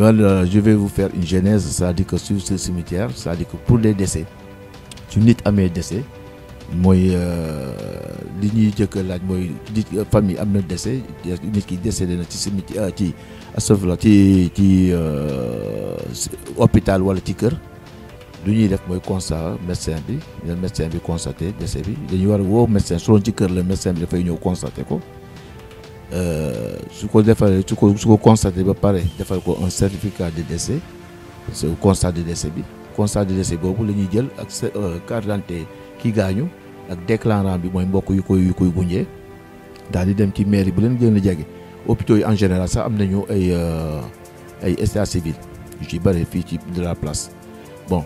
Well, euh, je vais vous faire une genèse, c'est-à-dire que sur ce cimetière, c'est-à-dire que pour les décès, su nit mes décès mooy euh, li ñuy jëkk laaj mooy famille am na décès nit ki décédé na ci cimetière ci astafurlah ci ci euh, hôpital wala ci kër lu ñuy def mooy constat médecin bi médecin bi constaté décès bi dañuy war a médecin son doon le médecin bi fait une constaté ko suko defare suko suko constat ba pare defal ko un certificat de décès c'est que constat de décès bi constat de décès boobu la jël ak euh, carte d'identité ki gañu ak déclarant bi moy mbokk yu koy yu koy buñé dal di dem ci mairie bu len gën a jege hôpitaux en général ça am nañu ay euh, ay état civil yu ci bëri fii ci de la place bon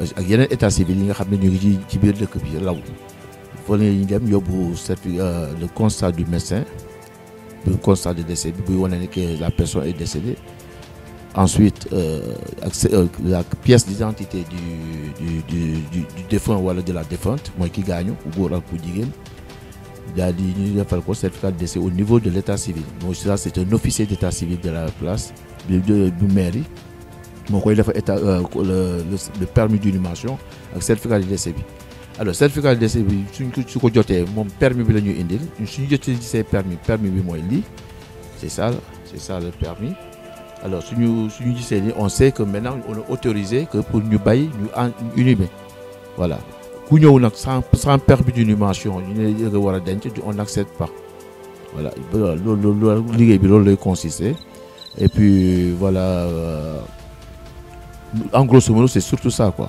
ak yeneen état civil yi nga xam ne ñu ngi ci ci biir dëkk bi law fa la ñuy dem yóbbu certificat euh, le constat du médecin un constat de décès, puis on a dit que la personne est décédée. Ensuite, euh, euh, la pièce d'identité du, défunt ou de la défunte, moi qui gagne, ou pour il certificat de décès au niveau de l'état civil. Moi, c'est un officier d'état civil de la place, de, mairie. Moi, il a fait euh, le, permis d'inhumation le certificat de décès alors certificat de décès bi suñ ko su ko jotee moom permis bi la ñuy indil suñu jotee ci say permis permis bi mooy lii c'est ça c'est ça le permis alors suñu suñu gisee ni on sait que maintenant on est autorisé que pour ñu bay ñu en inhumer voilà ku ñëw nag sans sans permis d'inhumation ñu ne yëg war a denc on n'accepte pas voilà loolu loolu liggéey bi loolu lay consister et puis voilà euh, en grosso modo c'est surtout ça quoi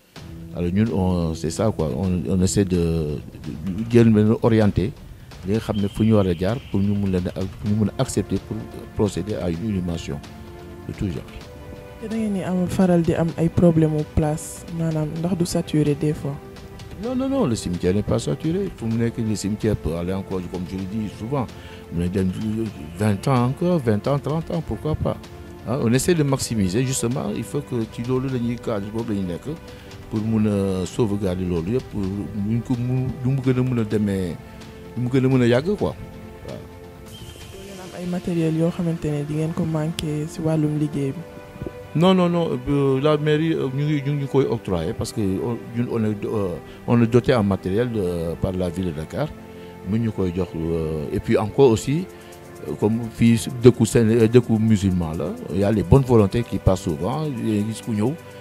alors nous on c'est ça quoi on essaie de nous orienter nous orienter pour ñu accepter pour procéder à une inhumation de tout genre. Il y a des problèmes problème place maanaam ndax du saturé des fois. non non non le cimetière n'est pas saturé Il faut que le cimetière peut aller encore comme je le dis souvent 20 ans encore 20 ans 30 ans pourquoi pas hein, on essaie de maximiser justement il faut que tu donnes le dernier cadre problème pour mun sauvegarder loolu yëpp pour ñu ko mu lu mu gën a mun a quoi matériels yoo xamante di ngeen ko manqué ci walum liggéey non non non euh, la mairie euh, ñu ngi ñu koy octroyé parce que ñun on est euh, on est doté en matériel par la ville de Dakar mu ñu koy jox et puis encore aussi. comme de dëkku de dëkku musulman il y a les bonnes volontés qui passent souvent risques ku ñëw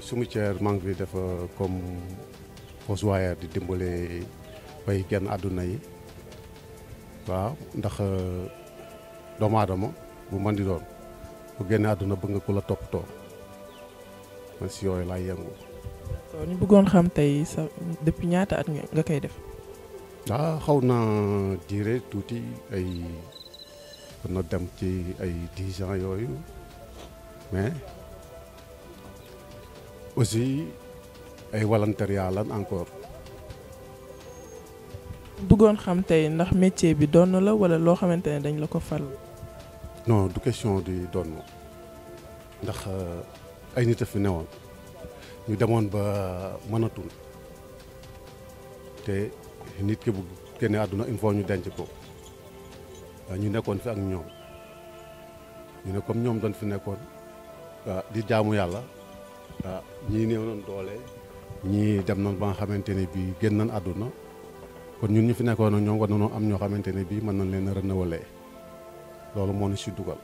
cimetière maa ngi fi def comme fossoyeur di dimbale bay genn àdduna yi waaw ndax euh, doomu aadama bu man di doon bu génne àdduna bëgg nga ko la toppatoo man si yooyu laay yëngu. waaw bëggoon xam tey sa depuis ñaata at nga koy def. ah xaw naa diire tuuti ay mën na dem ci ay dix ans yooyu mais. aussi ay volontariat lan encore. bëggoon xam tey ndax métier bi doon la wala loo xamante ne dañ la ko fal. non du question di doon ndax euh, ay nit a fi newoon ñu demoon ba mënatul te nit ki bu génnee àdduna il ñu denc ko euh, ñu nekkoon fi ak ñoom ñu ne comme ñoom doon fi nekkoon euh, di jaamu yàlla. ah ñii néew nañ doole ñii dem nañ ba xamante ni bii génn nañ àdduna kon ñun ñu fi nekkoon ak ñoom war nañoo am ñoo xamante ne bii mën nañ leen na renouveler loolu moo ñu si dugal.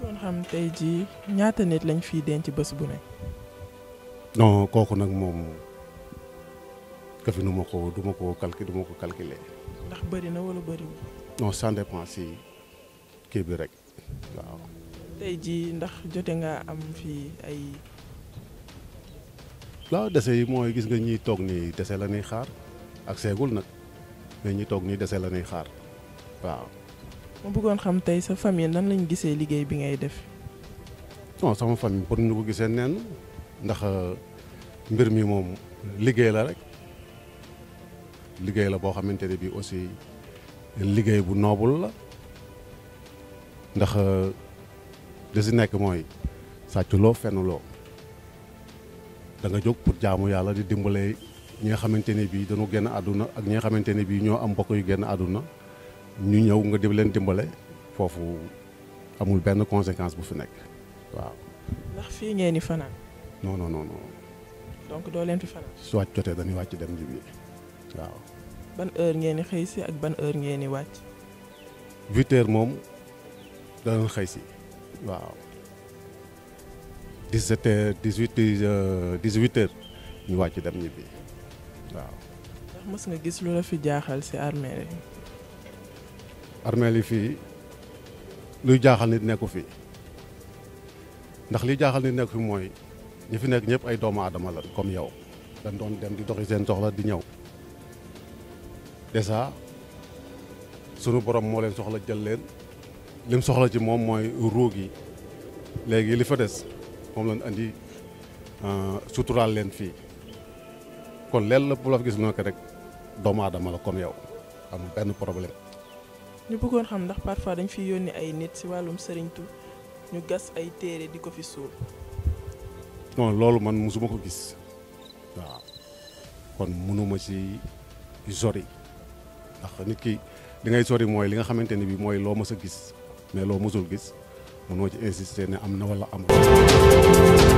kon xam tey jii ñaata nit lañ fii denc bés bu ne. non kooku nag moom ka ko duma ko calcul du ma ko calculer. ndax bëri na walla bëriwul. non ça dépend si kii bi rek waaw. tey jii ndax jote nga am fii ay. waaw dese yi mooy gis nga ñiy toog nii dese la ñuy xaar ak seegul nag mais ñi toog nii dese la ñuy xaar waaw. ma bëggoon xam tey sa famille nan lañu gisee liggéey bi ngay def. non sama yi pour ñu ko gisee neen ndax euh, mbir mi moom liggéey la rek liggéey la boo xamante ne bii aussi liggéey bu noobul la ndax euh, li si nekk mooy sàcculoo fenuloo da nga jóg pour jaamu yàlla di dimbale ñi nga xamante ne bii dañu génn àdduna ak ñi nga xamante ne bii ñoo am mbokk yu génn àdduna ñu ñëw nga di leen dimbale foofu amul benn conséquence bu fi nekk waaw. ndax fii ngeen di fanaan. non noonu non donc doo leen fi fanaan. su wàcc jotee dañuy wàcc dem ji waaw. ban heure ngeen di xëy si ak ban heure ngeen di wàcc. huit heures moom danañ xëy si waaw. 17 heures 18 18 euh, heures ñu wàcc dem ñibbi waaw. ndax mës nga gis lu la fi jaaxal ci armeel yi. armeel yi fii luy jaaxal nit nekku fi ndax li jaaxal nit nekku fi mooy ñu fi nekk ñëpp ay doomu aadama lan comme yow dan doon dem di doxi seen soxla di ñëw déjà sunu borom moo leen soxla jël leen lim soxla ci moom mooy ruug yi léegi li fa des. mom lañ andi euh, sutural len fi kon leen la bu fi gis noo rek doma aadama la comme yow am ben problème. ñu bëggoon xam ndax parfois dañ fi yoni ay nit walum serigne tou ñu gas ay téré di fi non lolu man musuma ko gis wa kon mënuma ci sori ndax nit ki li ngay sori moy li nga xamanteni bi moy lo ma sa gis mais lo musul gis. mënoo ci insister ne am na wala am amul